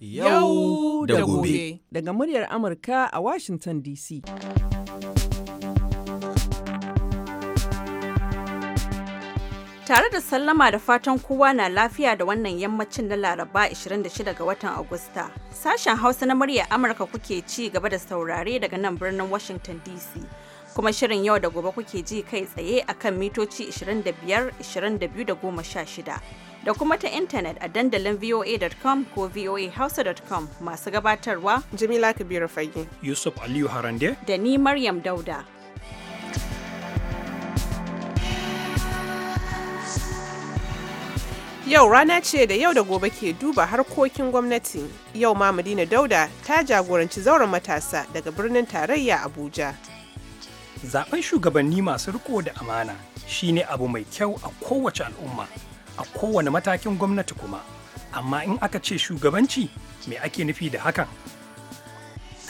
yau da gobe daga muryar Amurka a Washington DC. Tare da sallama da fatan kowa na lafiya da wannan yammacin na Laraba 26 ga watan Agusta. Sashen Hausa na muryar Amurka kuke ci gaba da saurare daga nan birnin Washington DC. kuma shirin yau da gobe kuke ji kai tsaye akan mitoci 25 22 shida da kuma ta intanet a dandalin voa.com ko voahausa.com masu gabatarwa jimila Kabiru Fage Yusuf Aliyu Harande da ni Maryam Dauda. Yau rana ce da yau da gobe ke duba harkokin gwamnati. Yau ma Madina Dauda ta jagoranci zauren matasa daga birnin tarayya Abuja. zaben shugabanni masu riko da amana shine abu mai kyau a kowace al'umma a kowane matakin gwamnati kuma amma in aka ce shugabanci me ake nufi da hakan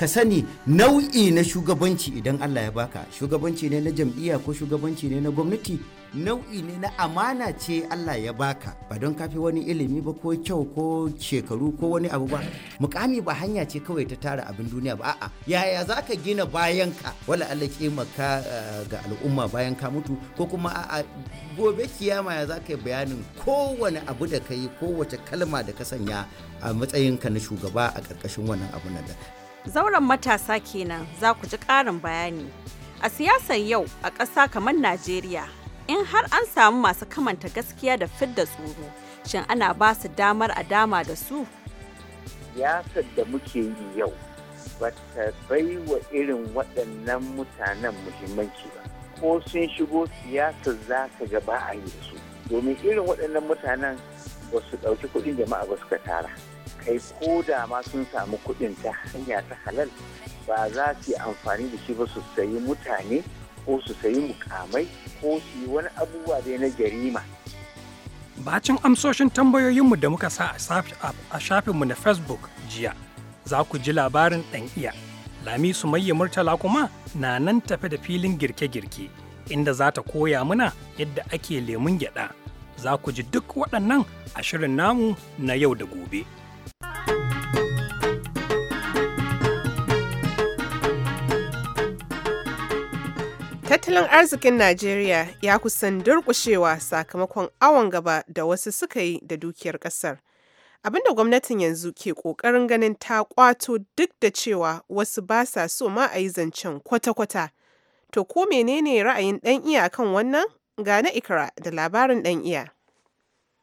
ka sani nau'i na shugabanci idan Allah ya baka shugabanci ne na jam'iyya ko shugabanci ne na gwamnati nau'i ne na amana ce Allah ya baka ba don kafi wani ilimi ba ko kyau ko shekaru ko wani abu ba mukami ba hanya ce kawai ta tara abin duniya ba a'a yaya za ka gina bayan ka wala Allah maka eh, ga al'umma bayan ka mutu ko kuma a'a gobe kiyama ya za ka yi bayanin kowane abu da ka yi kowace kalma da ka sanya a matsayinka na shugaba a ƙarƙashin wannan abu na da Zauren matasa kenan za ku ji ƙarin bayani. A siyasar yau a ƙasa kamar Najeriya, in har an samu masu kamanta gaskiya da fidda tsoro, shin ana ba su damar a dama da su? Siyasar da muke yi yau ba ta bai wa irin waɗannan mutanen muhimmanci ba. Ko sun shigo siyasar za ka ga ba a yi da su. Domin irin waɗannan mutanen ba su ɗauki kuɗin jama'a ba suka tara. kai ko da ma sun samu kuɗin ta hanya ta halal ba za su yi amfani da shi ba su sayi mutane ko su sayi mukamai ko su yi wani abubuwa dai na jarima. Bacin amsoshin tambayoyinmu da muka sa a shafinmu na Facebook jiya, za ku ji labarin ɗan iya. Lami Sumayya Murtala kuma na nan tafe da filin girke-girke, inda za ta koya mana yadda ake lemun gyada, Za ku ji duk waɗannan a shirin namu na yau da gobe. Tattalin arzikin Najeriya ya kusan durƙushewa sakamakon awon gaba da wasu suka yi da dukiyar ƙasar. Abinda gwamnatin yanzu ke ƙoƙarin ganin ta ƙwato duk da cewa wasu ba sa so ma a yi zancen kwata-kwata. To ko menene ra'ayin ɗan iya kan wannan? gane na ikra da labarin ɗan iya.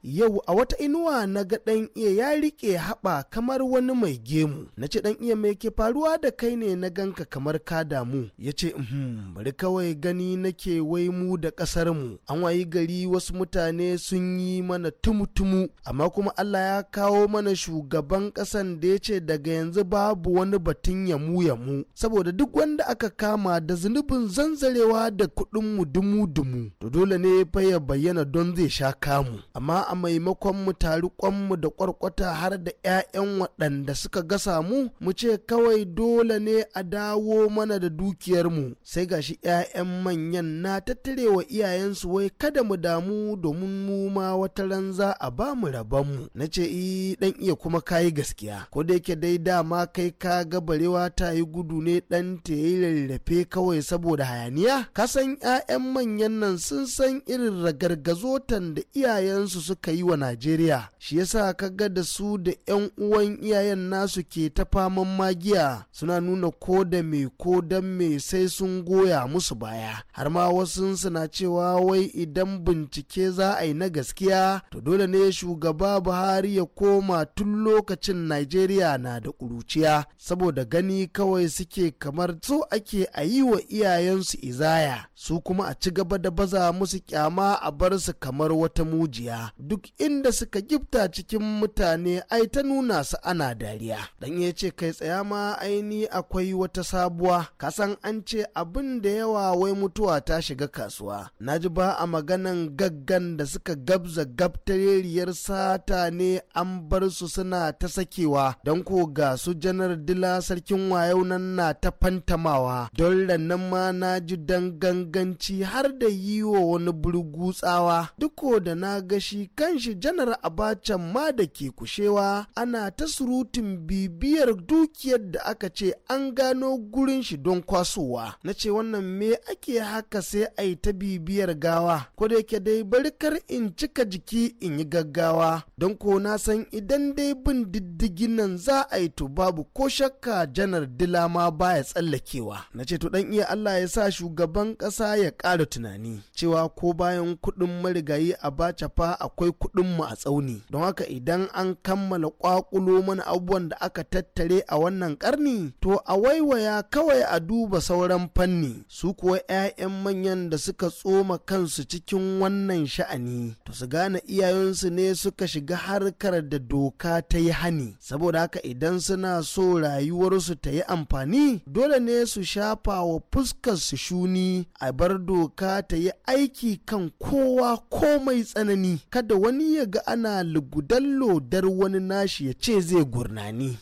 yau a wata inuwa na ga ɗan iya ya riƙe haɓa kamar wani mai gemu na ce ɗan iya mai ke faruwa da kai ne na ganka kamar ka damu ya ce uhm, bari kawai gani nake wai mu da ƙasar mu an wayi gari wasu mutane sun yi mana tumutumu amma kuma Allah ya kawo mana shugaban ƙasan da ya ce daga yanzu babu wani batun yamu yamu saboda duk wanda aka kama da zunubin zanzarewa da kuɗin mu dumu dumu to dole ne fa ya bayyana don zai sha kamu amma a maimakon mu taru kwanmu da kwarkwata har da 'ya'yan waɗanda suka gasa mu mu ce kawai dole ne a dawo mana da dukiyarmu sai gashi 'ya'yan manyan na tattarewa iyayensu wai kada mu damu domin mu ma wata ran za a ba mu rabonmu na ce i eh, dan iya kuma kayi gaskiya ko da yake dai dama kai ka ga barewa ta yi gudu ne dan ta yi rarrafe kawai saboda hayaniya kasan 'ya'yan manyan nan sun san irin ragargazotan da iyayensu suka suka yi wa najeriya shi yasa ga da su da 'yan uwan iyayen nasu ke ta faman magiya suna nuna ko da me ko dan me sai sun goya musu baya har ma wasu suna cewa wai idan bincike za a yi na gaskiya to dole ne shugaba buhari ya koma tun lokacin najeriya na da ƙuruciya saboda gani kawai suke kamar so ake a yi wa iyayensu izaya su kuma a ci gaba da baza musu kyama a bar su kamar wata mujiya duk inda suka gifta cikin mutane ai ta nuna su ana dariya dan ya ce kai tsaya ma aini akwai wata sabuwa kasan an ce abin da yawa wai mutuwa ta shiga kasuwa na ji ba a maganan gaggan da suka gabza gabtareriyar sata ne an bar su suna ta sakewa don ko ga su janar dila sarkin wayau nan na ta fantamawa don rannan ma na ji dan ganganci har da yi wa wani burgutsawa duk da na ga shi kanshi janar abacha ma da ke kushewa ana ta surutun bibiyar dukiyar da aka ce an gano gurin shi don kwasowa na ce wannan me ake haka sai a yi ta bibiyar gawa ko da yake dai bari kar in cika jiki in yi gaggawa don ko na san idan dai bin diddigin nan za a yi to babu ko shakka janar dila ma baya tsallakewa na ce to dan iya allah ya sa shugaban kasa ya ƙara tunani cewa ko bayan kuɗin marigayi abacha fa akwai akwai kuɗin mu a tsauni don haka idan an kammala kwakulo mana abubuwan da aka tattare a wannan karni to a waiwaya kawai a duba sauran fanni su kuwa 'ya'yan manyan da suka tsoma kansu cikin wannan sha'ani to su gane iyayensu ne suka shiga harkar da doka ta yi hani saboda haka idan suna so rayuwarsu ta yi amfani dole ne su shafa wa fuskar su shuni a bar doka ta yi aiki kan kowa komai tsanani kada wani ya ga ana lugudan lodar wani nashi ya ce zai gurnani.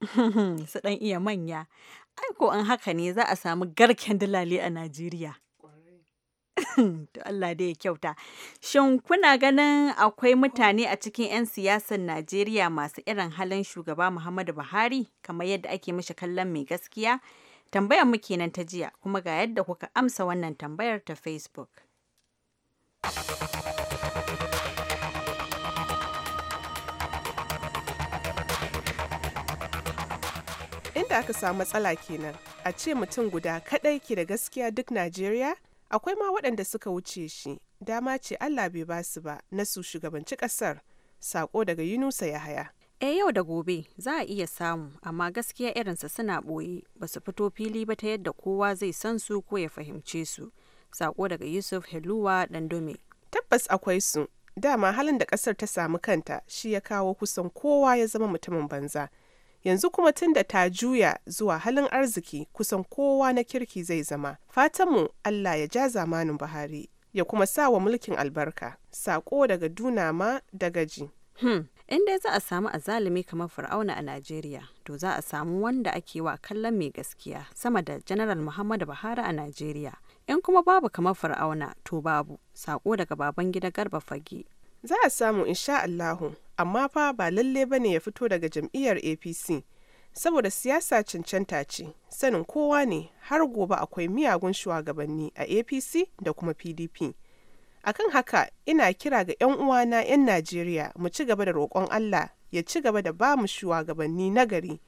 Su ɗan iya manya, aiko an haka ne za a samu garken dalali a Najeriya. to Allah dai ya kyauta. Shin kuna ganin akwai mutane a cikin 'yan siyasar Najeriya masu irin halin shugaba Muhammadu Buhari kamar yadda ake mishi kallon mai gaskiya? Tambayar mu kenan ta jiya kuma ga yadda kuka amsa wannan tambayar ta Facebook. inda aka samu matsala kenan a ce mutum guda kadai ke da gaskiya duk najeriya akwai ma waɗanda suka wuce shi dama ce allah bai ba su ba na su shugabanci ƙasar sako daga yunusa ya haya. e eh, yau da gobe za a iya samu amma gaskiya irinsa suna ɓoye ba su fito fili ba ta yadda kowa zai san su ko ya fahimce su sako daga yusuf heluwa dandome tabbas akwai su dama halin da ƙasar ta samu kanta shi ya kawo kusan kowa ya zama mutumin banza yanzu kuma tun da ta juya zuwa halin arziki kusan kowa na kirki zai zama fatanmu allah ya ja zamanin buhari ya kuma sa wa mulkin albarka sako daga dunama da gaji hmm. in dai za a samu azalumi kamar fir'auna a najeriya to za a samu wanda ake wa kallon mai gaskiya sama da janaral muhammadu buhari a najeriya in kuma babu kamar fir'auna to babu sako daga baban gida garba fage za a samu insha allahu amma fa ba lalle bane ya fito daga jam'iyyar apc saboda siyasa cancanta ce sanin kowa ne har gobe akwai miyagun shugabanni a apc da kuma pdp akan haka ina kira ga 'yan uwana 'yan najeriya mu ci gaba da roƙon allah ya ci gaba da ba mu shugabanni nagari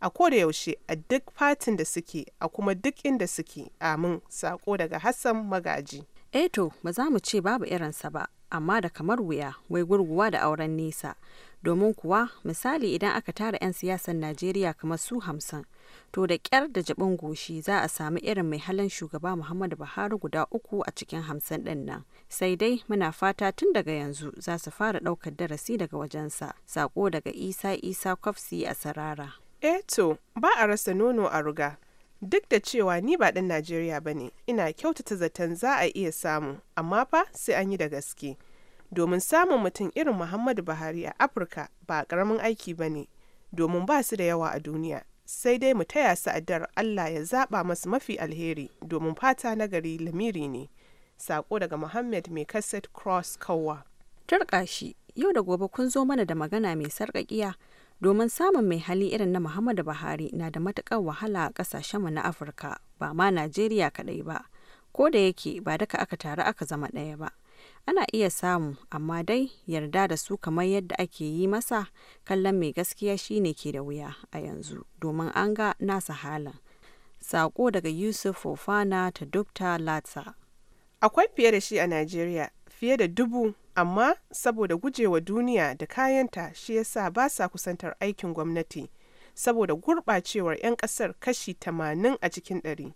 a koda yaushe a duk fatin da suke a kuma duk inda suke amin sako daga hassan magaji eto eh ba za mu ce babu irinsa ba amma da kamar wuya wai gurguwa da auren nesa domin kuwa misali idan aka tara 'yan siyasar najeriya kamar su hamsin to da kyar da jabin goshi za a sami irin mai halin shugaba muhammadu buhari guda uku a cikin hamsin din nan sai dai muna fata tun daga yanzu za su fara daukar darasi daga wajensa sako daga isa isa kwafsi a sarara eto eh ba a rasa nono a ruga Duk da cewa ni ba ɗan Najeriya ba ne, ina kyautata zaton za a iya samu, amma fa sai an yi da gaske. Domin samun mutum irin Muhammadu Buhari a Afirka ba ƙaramin aiki ba ne, domin ba su da yawa a duniya. Sai dai mu taya su addar Allah ya zaɓa masu mafi alheri domin fata na gari lamiri ne. Sako daga Muhammad mai kaset Cross kowa turƙashi yau da gobe kun zo mana da magana mai sarƙaƙiya. domin samun mai hali irin na muhammadu buhari na da matukar wahala a kasashenmu na afirka ba ma najeriya kaɗai ba ko da yake ba duka aka taru aka zama ɗaya ba ana iya samu amma dai yarda da su kamar yadda ake yi masa kallon mai gaskiya shine ke da wuya a yanzu domin an ga nasa halin sako daga yusuf fofana ta dokta latsa akwai fiye da shi a najeriya fiye da dubu amma saboda gujewa duniya da kayanta shi yasa ba sa kusantar aikin gwamnati saboda gurɓacewar 'yan ƙasar kashi 80 a cikin ɗari.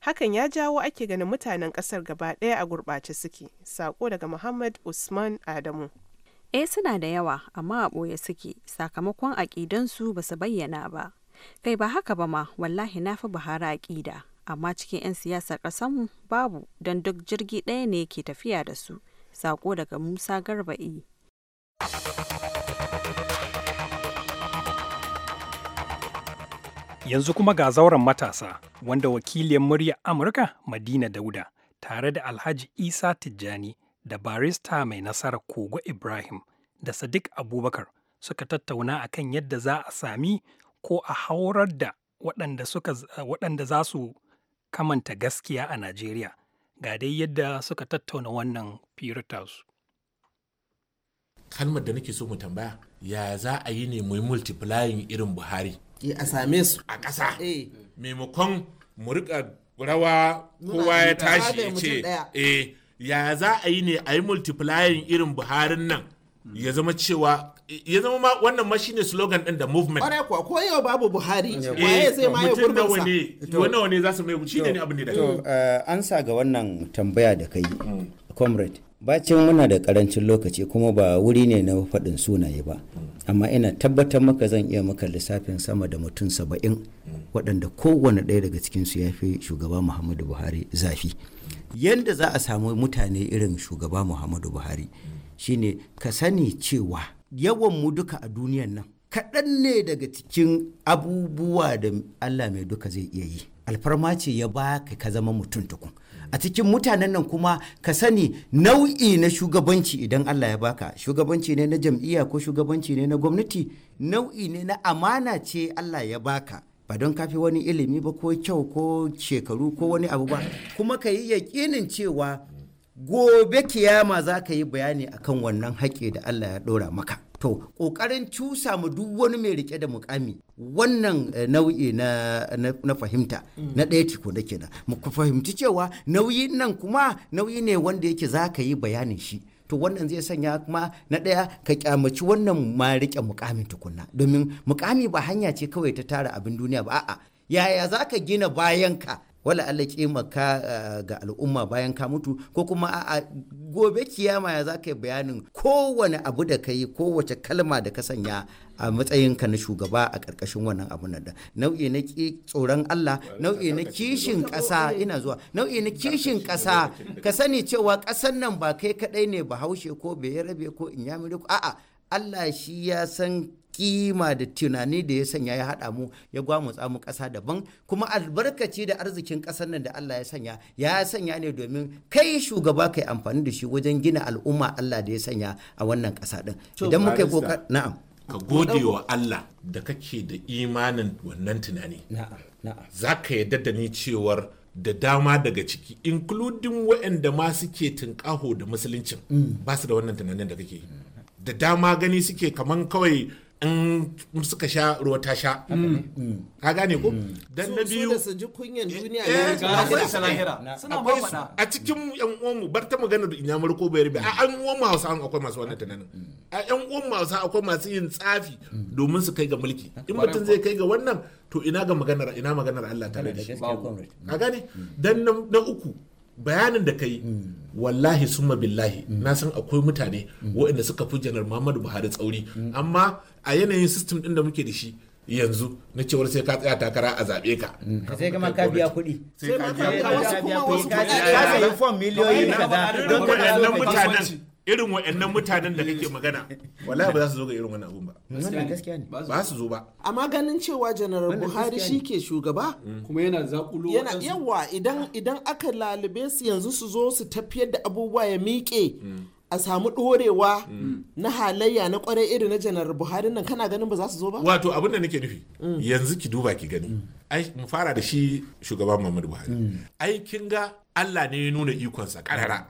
Hakan ya jawo ake ganin mutanen ƙasar gaba ɗaya a gurɓace suke. Sako daga Muhammad Usman Adamu. Eh suna da yawa amma a ɓoye suke sakamakon aƙidansu ba su bayyana ba. Kai ba haka ba ma wallahi na fi Buhari aƙida amma cikin 'yan siyasar mu babu don duk jirgi ɗaya ne ke tafiya da su. Sako daga Musa Garba'i. E. Yanzu kuma ga zauren matasa wanda wakiliyar muryar Amurka Madina Dauda tare da Alhaji Isa Tijjani da barista mai nasarar Kogo Ibrahim da Sadiq Abubakar suka tattauna a kan yadda za a sami ko a haurar da waɗanda za su kamanta gaskiya a Najeriya. ga dai yadda suka tattauna wannan firar kalmar da nake so mu tambaya ya za a yi ne mai multiplying irin buhari eh, a same su a ƙasa eh. maimakon mu riƙa rawa kowa ya tashi ya ce eh, ya za a yi ne a yi multiplying irin buharin nan ya zama cewa ya zama wannan ma shine slogan din da movement ƙwarai kuwa ko yau babu buhari ya eh, zai ma ya gurbin wannan wane za su mai wuci ne abin da eh, an sa ga wannan tambaya da kai mm. comrade bacin muna da karancin lokaci kuma ba wuri ne na faɗin sunaye ba mm. amma ina tabbatar maka zan iya maka lissafin sama da mutum saba'in mm. waɗanda kowane ɗaya daga cikinsu ya fi shugaba muhammadu buhari zafi yadda za a samu mutane irin shugaba muhammadu buhari shine ka sani cewa yawan mu duka a duniyan nan kaɗan ne daga cikin abubuwa da Allah mai duka zai iya yi alfarma ce ya ba ka ka zama mutum tukun a cikin mutanen nan kuma ka sani nau'i na shugabanci idan Allah ya baka shugabanci ne na jam'iyya ko shugabanci ne na gwamnati nau'i ne na amana ce Allah ya baka ba don kafi wani ilimi ba ko kyau ko shekaru ko wani abu ba kuma ka yi yaƙinin cewa gobe kiyama za ka yi bayani akan wannan haƙe da Allah ya ɗora maka to ƙoƙarin cusa mu duk wani mai rike da mukami wannan eh, nau'i na, fahimta na ɗaya tiko da kenan mu fahimci cewa nauyi nan kuma nauyi ne wanda yake za ka yi bayanin shi to wannan zai sanya kuma na ɗaya ka kyamaci wannan ma riƙe mukamin tukunna domin mukami ba hanya ce kawai ta tara abin duniya ba a'a yaya za ka gina bayanka wala Allah kima ka eh, ga al'umma bayan ka mutu ko kuma a gobe kiyama ya zaka yi bayanin kowane abu da ka yi kowace kalma da ka sanya a matsayin ka na shugaba a ƙarƙashin wannan abu nan da nau'i na tsoron Allah nau'i na kishin ƙasa ina zuwa nau'i na kishin ƙasa ka sani cewa ƙasan nan ba kai kaɗai ne bahaushe ko bai bayarabe ko inyamiri a'a Allah shi ya san kima da tunani da ya sanya ya haɗa mu ya gwamutsa mu ƙasa daban kuma albarkaci da arzikin ƙasar nan da Allah ya sanya ya sanya ne domin kai shugaba kai amfani da shi wajen gina al'umma Allah da ya sanya a wannan ƙasa ɗin idan muka yi kokar na'am ka gode wa Allah da kake da imanin wannan tunani na'am na'am zaka yarda da ni cewar da dama daga ciki including waɗanda ma suke tunƙaho da musuluncin mm. ba su da wannan tunanin da kake yi da dama gani suke kaman kawai in suka sha ruwa ta sha ka gane ko mm. dan na biyu da su ji kunyan eh, duniya ne eh, ga su lahira suna mafada a cikin yan uwan mu bar ta magana da inyamar ko bayar bi a yan uwan mu Hausa akwai masu wannan tunanin mm. a yan uwan mu Hausa akwai masu yin tsafi mm. domin su kai ga mulki in mutum zai kai ga wannan to ina ga maganar ina maganar Allah tare da shi ka gane dan na uku bayanin da kai wallahi summa billahi na san akwai mutane waɗanda suka fi janar muhammadu buhari tsauri amma a yanayin system ɗin da muke da shi yanzu na cewar sai ka tsaya takara a zaɓe ka. sai kama ka biya kuɗi. sai ka biya kuɗi. ka ka mutanen irin waɗannan mutanen da kake magana wallahi ba za su zo ga irin wannan abun ba ba su zo ba amma ganin cewa janaral buhari shi ke shugaba mm. kuma yana zakulo yana yawa idan idan aka lalube su yanzu su zo su tafiyar da abubuwa ya miƙe mm. a samu ɗorewa mm. na halayya na kwarai iri na janar buhari nan kana ganin ba za su zo ba wato abin da nake nufi mm. yanzu ki duba ki gani mm. ai mu fara da shi shugaban muhammadu buhari ai kin ga allah ne ya nuna ikonsa karara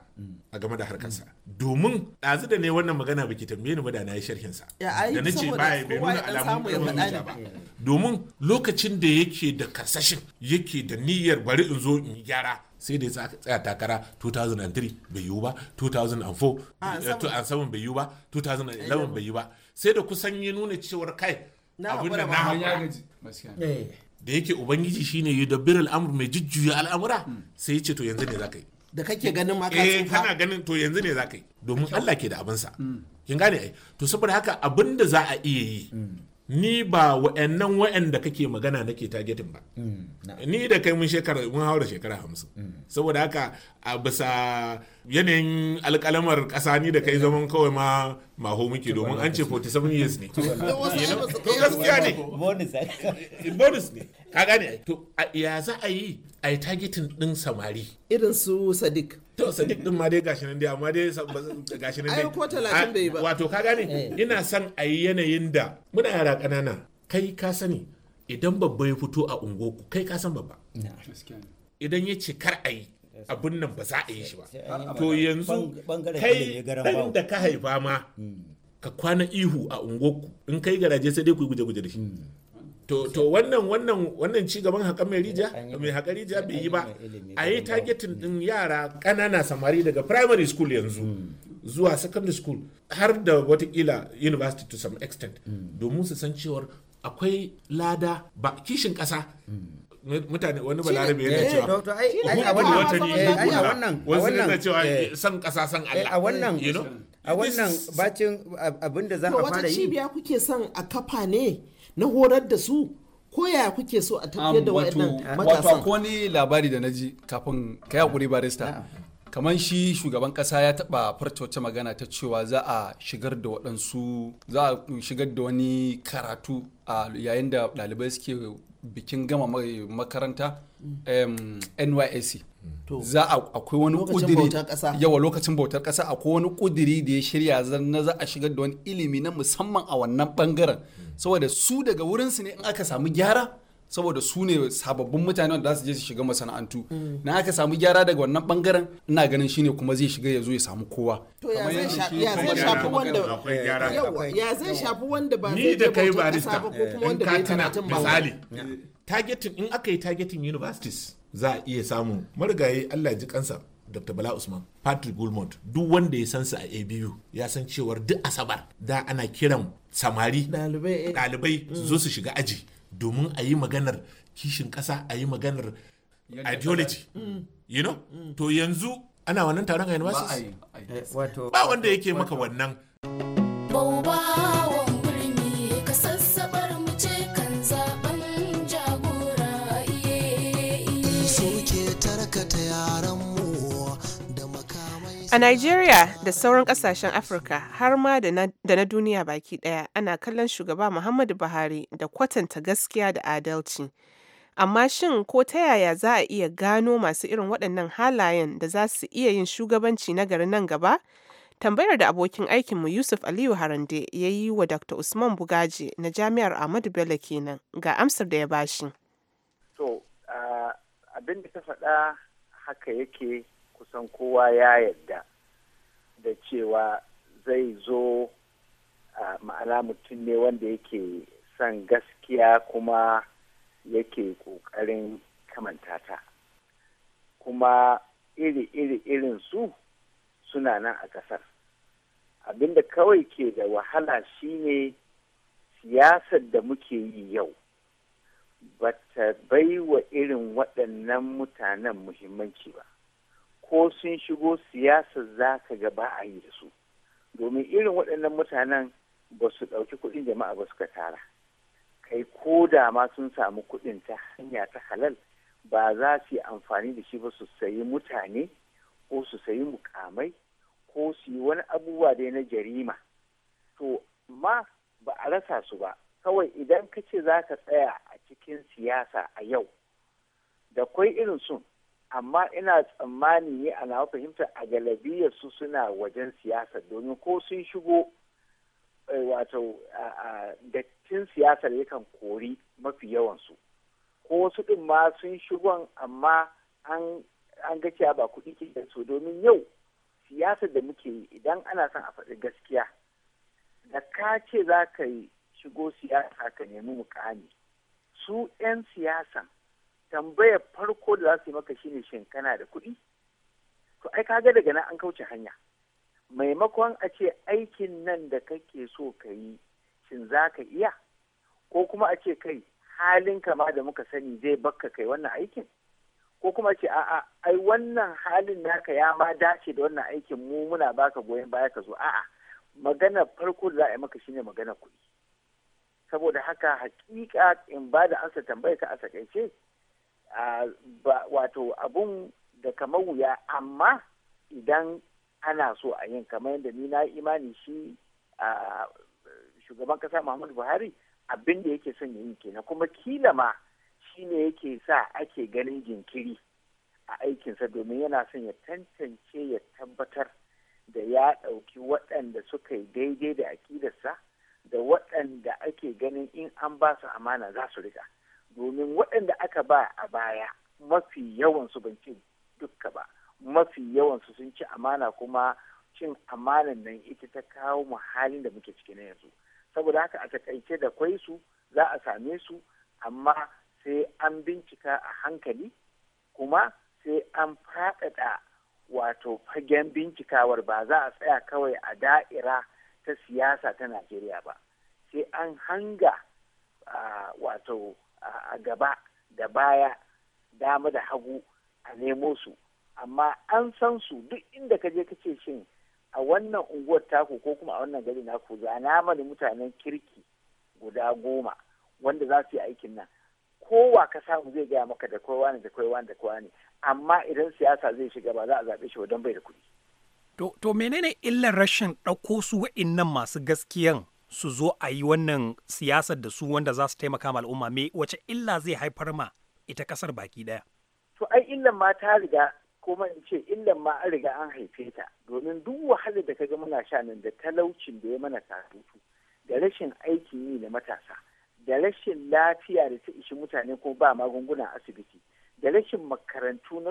a game da harkarsa domin ɗazu da ne wannan magana baki tambaye ni ba da na yi sharhinsa da na ce baya bai nuna alamun ba domin lokacin da yake da karsashin yake da niyyar bari in zo in gyara sai da tsaya takara 2003 bai yiwu ba 2004 2007 ah, eh, bai yiwu ba 2011 bai yiwu ba sai da kusan yi nuna cewar kai abin da na haƙura eh. da yake ubangiji shine yi da biral amur mai jujjuya al'amura hmm. sai ya ce to yanzu ne za ka yi da kake ganin ma ka eh kana ganin to yanzu ne za ka yi domin Allah ke da abinsa hmm. kin gane ai to saboda haka abin da za a iya yi hmm. ni ba wa'annan wa'anda kake magana nake targetin ba mm, ni da kai mun shekara mun haura shekara hamsin mm. saboda haka a bisa yanayin alkalamar ƙasa ni da kai zaman kawai ma maho muke domin an ce 47 years ne to gaskiya ne eh? Eh, bonus ne ka gane to ya za a yi a yi targetin din samari irin su sadiq to sadiq din ma dai gashi nan dai amma dai gashi nan dai ai ko 30 bai ba ah, wato ka gane eh. ina son a yi yanayin da muna yara kanana kai ka sani idan babba ya fito a ungoku kai ka san babba idan ya ce kar a yi abin nan ba za a yi shi ba to yanzu kai ɗan da ka haifa ma hmm. ka kwana ihu a ungoku in kai garaje sai dai ku guje guje da shi hmm. to to wannan wannan wannan ci gaban hakan mai rijiya mai hakan rija bai yi ba a yi targeting din yara ƙanana samari daga primary school yanzu hmm. zuwa secondary school har da watakila university to some extent hmm. domin su san cewar akwai lada ba kishin ƙasa hmm. mutane wani ba balarabe yana eh, cewa hukumu watani hukumna wasu yana cewa eh, san ƙasa san eh, Allah a wannan a wannan bacin abinda za a fara yi wata cibiya kuke son a kafa ne na horar da su ko yaya kuke so a tafiyar da waɗannan matasan wato wani labari da naji kafin kai hakuri barista kamar shi shugaban kasa ya taba farta wata magana ta cewa za a shigar da waɗansu za a shigar da wani karatu a yayin da ɗalibai suke bikin gama makaranta mm. nysc za akwai wani kudiri yawa lokacin bautar kasa akwai wani kudiri da ya shirya na za a shigar da wani ilimi na musamman a wannan bangaren mm. saboda su daga wurinsu ne in aka samu gyara saboda su ne sababbin mutane wanda za su je su shiga masana'antu mm. na aka samu gyara daga wannan bangaren ina ganin shine kuma zai shiga ya zo ya samu kowa to ya zai shafi wanda ya zai shafi wanda ba zai ni da kai barista ko kuma tana misali targeting in aka yi targeting universities za a iya samu marigayi Allah ji kansa Dr. Bala Usman, Patrick Gulmont duk wanda ya san su a ABU ya san cewar duk asabar da ana kiran samari ɗalibai eh. su zo su shiga aji. domin a yi maganar kishin ƙasa a yi maganar ideology mm. you know mm. to yanzu ana wannan taron a university eh, ba wanda yake maka wannan A Najeriya da sauran kasashen Afirka har ma da na duniya baki daya ana kallon shugaba Muhammadu Buhari da kwatanta gaskiya da adalci. Amma shin ko ta yaya za a iya gano masu irin waɗannan halayen da za su iya yin shugabanci na gari nan gaba? Tambayar da abokin aikinmu Yusuf Aliyu Harande ya yi wa Dr. Usman Bugaje na Jami'ar Ahmadu Bello kenan ga amsar da ya bashi. shi. abin da ta faɗa haka yake kusan kowa ya yarda da cewa zai zo ma'ana mutum ne wanda yake son gaskiya kuma yake ƙoƙarin kamanta ta kuma iri-iri irin su suna nan a ƙasar abinda kawai ke da wahala shine siyasar da muke yi yau ba ta bai wa irin waɗannan mutanen muhimmanci ba ko sun shigo siyasa za ka ga ba a yi da su domin irin waɗannan mutanen ba su ɗauki kuɗin jama'a ba suka tara kai ko da ma sun samu kuɗin ta hanya ta halal ba za su yi amfani da shi ba su sayi mutane ko su sayi mukamai ko su yi wani abubuwa dai na jarima to ma ba a rasa su ba kawai idan ka ce za ka tsaya a cikin siyasa a yau da kwai irin sun amma ina tsammani ne ana fahimta a galabiyar su suna wajen siyasa domin ko sun shigo eh, wato dattin siyasar yakan kori mafi yawansu ko wasu din ma sun shigon amma an ga ba kuɗi ke su domin yau siyasar da muke yi idan ana son a faɗi gaskiya da ka ce za ka yi shigo siyasa ka nemi mukami su 'yan siyasan tambayar farko da za su yi maka shine shin kana da kuɗi to ai kaga daga nan an kauce hanya maimakon a ce aikin nan da kake so ka yi shin za ka iya ko kuma a ce kai halin kama da muka sani zai bakka kai wannan aikin ko kuma ce a'a ai wannan halin naka ya ma dace da wannan aikin mu muna baka goyon baya ka zo a'a magana farko da za a yi maka shine magana kuɗi saboda haka hakika in ba da ansa tambayar ka a takaice wato abun da kamar wuya amma idan ana so a yin kamar yadda ni na imani shi shugaban kasa muhammadu buhari abin da yake son yin kenan kuma kila ma shi ne yake sa ake ganin jinkiri a aikinsa domin yana son ya tantance ya tabbatar da ya ɗauki waɗanda suka yi daidai da akidarsa da waɗanda ake ganin in an ba su amana za su riga. domin waɗanda aka ba a baya mafi yawansu ban ce dukka ba mafi yawansu sun ci amana kuma cin amanan nan ita ta kawo mu halin da muke ciki na yanzu saboda haka a takaice da kwai su za a same su amma sai an bincika a hankali kuma sai an faɗaɗa wato fagen bincikawar ba za a tsaya kawai a da'ira ta siyasa ta najeriya ba sai an hanga ah, wato a gaba da baya dama da hagu a nemo su amma an san su duk inda ka je ka ce shin a wannan unguwar taku ko kuma a wannan gari naku zana mana mutanen kirki guda goma wanda za su yi aikin nan kowa ka samu zai gaya maka da kowa ne da kowa ne da kowa ne amma idan siyasa zai shiga ba za a zaɓe shi don bai da kuɗi. To, menene illar rashin ɗauko su wa'innan masu gaskiyan su zo a yi wannan siyasar da su wanda za su taimaka ma al'umma me wace illa zai haifar ma ita kasar baki daya to ai illan ma ta riga kuma in ce illan ma an riga an haife ta domin duk wahalar da ka ga muna sha nan da talaucin da ya mana katutu da rashin aikin yi na matasa da rashin lafiya da ta ishi mutane ko ba magunguna asibiti da rashin makarantu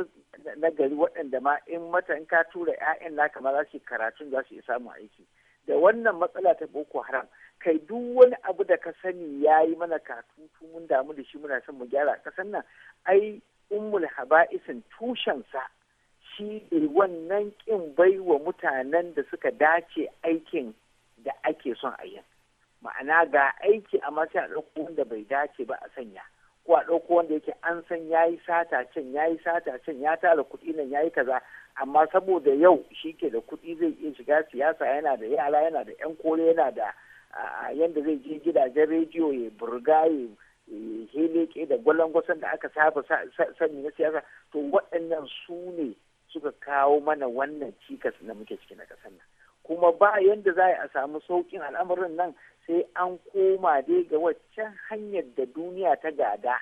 na gari waɗanda ma in mata in ka tura 'ya'yan naka ma za su karatun za su iya samun aiki da wannan matsala ta boko haram kai duk wani abu da ka sani ya yi mana katutu mun damu da shi muna son mu gyara kasan nan ai ummul haba'isin tushensa shi ne wannan kin baiwa mutanen da suka dace aikin da ake son a yi ma'ana ga aiki amma sai a ɗauko wanda bai dace ba a sanya ko a ɗauko wanda yake an san ya yi sata can ya yi sata can ya tara kuɗi nan ya yi kaza amma saboda yau shi ke da kuɗi zai iya shiga siyasa yana da yara yana da 'yan kore yana da yadda zai je gidajen rediyo ya burga ya heleke da gwalangwasan da aka saba sani na siyasa to waɗannan su ne suka kawo mana wannan cikas na muke ciki na ƙasar nan kuma ba yadda za a samu sauƙin al'amarin nan sai an koma dai ga waccan hanyar da duniya ta gada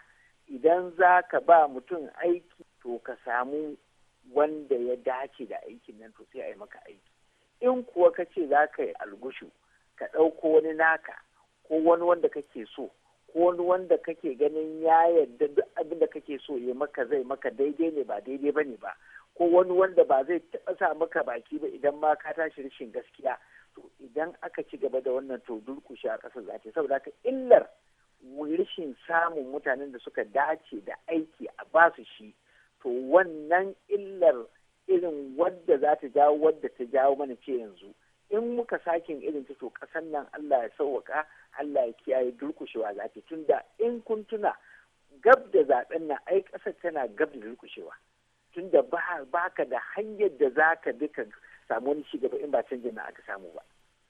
idan za ka ba mutum aiki to ka samu wanda ya dace da aikin nan to sai a yi maka aiki in kuwa ka ce za ka yi algushu ka ɗauko wani naka ko wani wanda kake so ko wani wanda kake ganin ya yarda duk abin da kake so ya maka zai maka daidai ne ba daidai ba ne ba ko wani wanda ba zai taɓa sa maka baki ba idan ma ka tashi rashin gaskiya to idan aka ci gaba da wannan to durkushe a ƙasar za ta saboda haka illar rashin samun mutanen da suka dace da aiki a basu shi to wannan illar irin wadda za ta jawo wadda ta jawo mana ce yanzu in muka sakin irin ta to kasan nan Allah ya sauwaka Allah ya kiyaye durkushewa za ta tunda in kun tuna gab da zaben nan ai kasar tana gab da durkushewa tunda ba ka da hanyar da za ka duka samu wani gaba in ba canjin na aka samu ba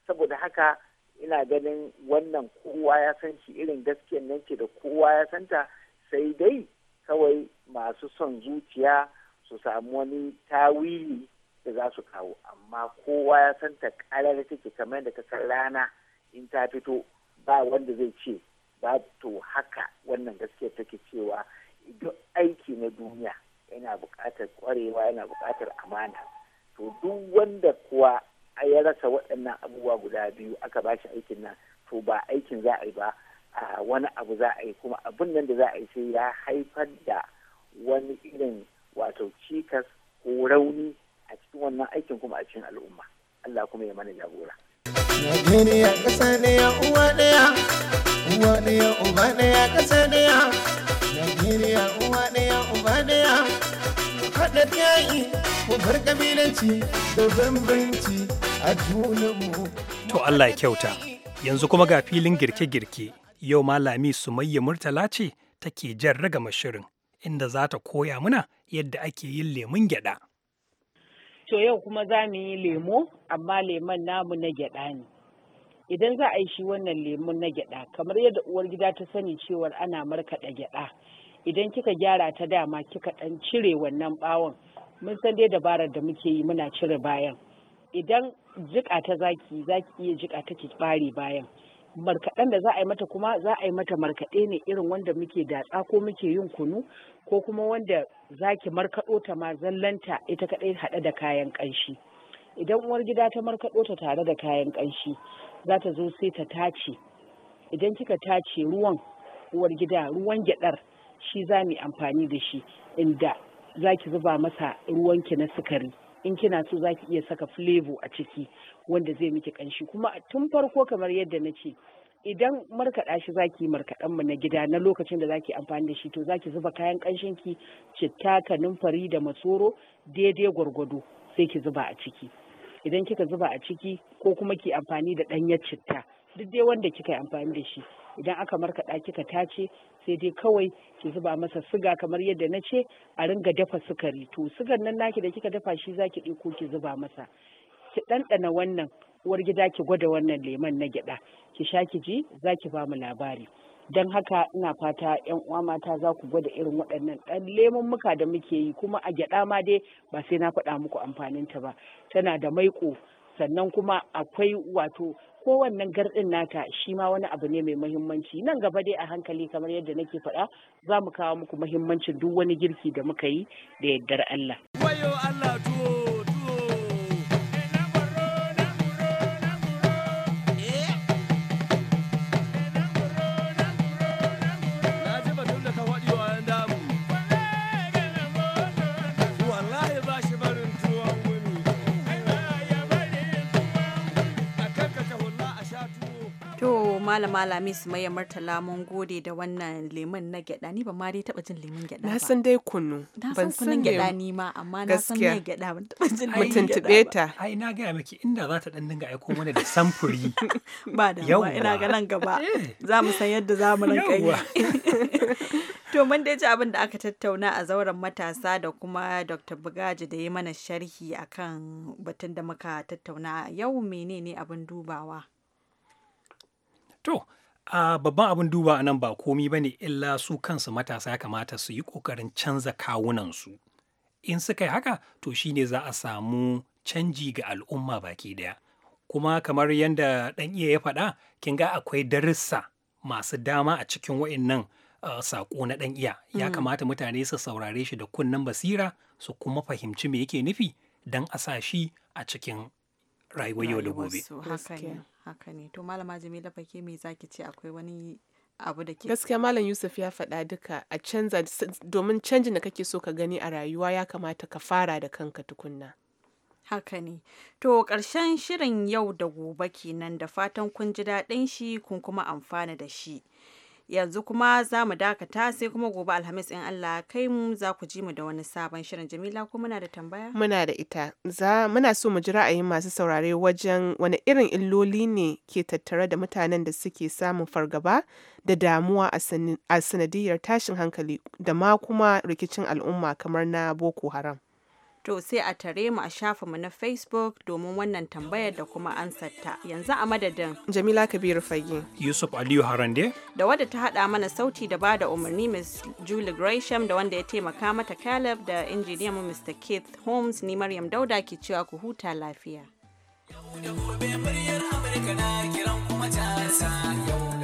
saboda haka ina ganin wannan kowa ya san shi irin gaskiyar nan ce da kowa ya santa sai dai kawai masu son zuciya su samu wani tawili da za su kawo amma kowa ya san ta karar take kamar da ta san rana in ta fito ba wanda zai ce ba to haka wannan gaskiya take cewa duk aiki na duniya yana buƙatar ƙwarewa yana buƙatar amana to duk wanda kuwa a ya rasa waɗannan abubuwa guda biyu aka ba shi aikin nan to ba aikin za a yi ba wani abu za a yi kuma abin nan da za a yi sai ya haifar da wani irin wato cikas ko rauni a cikin wannan aikin kuma a cikin al'umma Allah kuma ya mana jagora. Najeriya ƙasa Najeriya ɗaya To Allah ya kyauta yanzu kuma ga filin girke-girke Yau Malami Sumayya Murtala ce take jan ragama shirin inda za ta koya muna yadda ake yin lemun gyaɗa. To yau kuma za mu yi lemo amma lemon namu na gyaɗa ne. Idan za a yi shi wannan lemun na gyaɗa kamar yadda uwar gida ta sani cewar ana markaɗa gyaɗa. Idan kika gyara ta dama kika ɗan cire wannan ɓawon mun san dai dabarar da muke yi muna cire bayan. Idan jiƙa ta zaki zaki iya jika ta ki ɓare bayan. markaɗen da za a yi mata kuma za a yi mata markaɗe ne irin wanda muke datsa ko muke yin kunu ko kuma wanda za ki markaɗo ta ma zallanta ita kaɗai haɗe da kayan ƙanshi idan uwar gida ta markaɗo ta tare da kayan ƙanshi za ta zo sai ta tace idan kika tace ruwan uwar gida ruwan gyaɗar shi za mu amfani da shi inda za ki zuba masa ruwanki na sukari in kina so za ki iya saka flavo a ciki wanda zai miki kanshi kuma tun farko kamar yadda na ce idan markaɗa shi za zaki markaɗan mu na gida na lokacin da za zaki amfani da shi to za ki zuba kayan kanshin ki citta kanumfari da masoro daidai gwargwado sai ki zuba a ciki idan kika zuba a ciki ko kuma ki amfani da ɗanyar citta duk dai wanda kika yi amfani da shi idan aka markaɗa kika tace sai dai kawai ki zuba masa suga. kamar yadda na ce a ringa dafa sukari to sugar nan naki da kika dafa shi zaki ɗauko ki zuba masa ki ɗanɗana wannan uwar gida ki gwada wannan lemon na gyaɗa ki sha ki ji zaki ba mu labari don haka ina fata yan uwa mata za ku gwada irin waɗannan ɗan lemon muka da muke yi kuma a gyaɗa ma dai ba sai na faɗa muku amfaninta ba tana da maiƙo sannan kuma akwai wato ko garɗin nata shi ma wani abu ne mai mahimmanci nan gaba dai a hankali kamar yadda nake faɗa za mu kawo muku mahimmancin duk wani girki da muka yi da yardar Allah. Malama Lamis Maya martala mun gode da wannan lemon na gyada ni ba ma dai taba jin lemon gyada ba. Na san dai kunu. Na san kunun gyada ni ma amma na san mai gyada ban taba jin lemon gyada ba. ta. Ai na gaya miki inda za ta dan dinga aiko mana da samfuri. ba da ina ga nan gaba. Eh. Za mu san yadda za mu rinka yi. To mun dai ji abin da aka tattauna a zauren matasa da kuma Dr. Bugaji da ya mana sharhi akan batun da muka tattauna yau menene abin dubawa. To, a babban abin duba a nan ba komi ba ne illa su kansu matasa ya kamata su yi ƙoƙarin canza kawunansu. In suka yi haka, to shi ne za a samu canji ga al'umma baki ɗaya. Kuma kamar yadda ɗan iya ya faɗa, kin ga akwai darussa masu dama a cikin wa'innan Uh, saƙo na ɗan iya ya mm. kamata mutane su saurare shi da kunnen basira su kuma fahimci me yake nufi don a sa shi a cikin rayuwar yau da gobe. haka ne to malama jamila fake me zaki ce akwai wani abu da ke gaskiya malam yusuf ya faɗa duka a canza domin canjin da kake so ka gani a rayuwa ya kamata ka fara da kanka tukunna haka ne to ƙarshen shirin yau da gobe kenan da fatan kun ji daɗin shi kun kuma amfana da shi yanzu kuma za mu dakata sai kuma gobe alhamis in allah kai mu za ku ji mu da wani sabon shirin jamila ko muna da tambaya muna da ita za muna so mu ji ra'ayin masu saurare wajen wani irin illoli ne ke tattare da mutanen da suke samun fargaba da damuwa a sanadiyar tashin hankali da ma kuma rikicin al'umma kamar na boko haram to sai a tare mu a mu na facebook domin wannan tambayar da kuma ansarta yanzu a madadin jamila kabiru fage yusuf aliyu harande da wadda ta haɗa mana sauti da ba da umarni miss julie gresham da wanda ya taimaka mata caleb da injiniyan mu mr keith holmes ni maryam dauda ke cewa ku huta lafiya Yau da gobe muryar Amurka na kiran kuma ta yau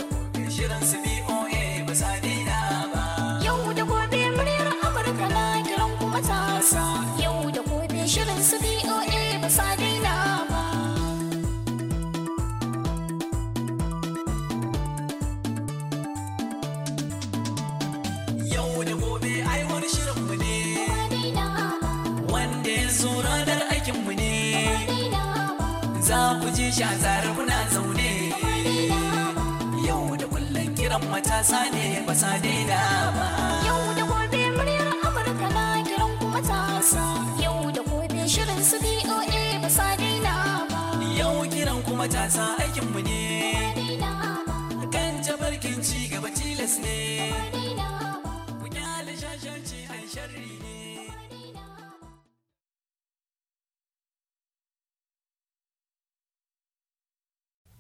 sha tsara kuna zaune yau da kullum kiran matasa ne ba sa daina ba yau da gobe muryar amurka na kiran ku matasa yau da gobe shirin su D.O.A ba sa daina ba yau kiran ku matasa aikinmu ne kan jabarkin ci gaba tilas ne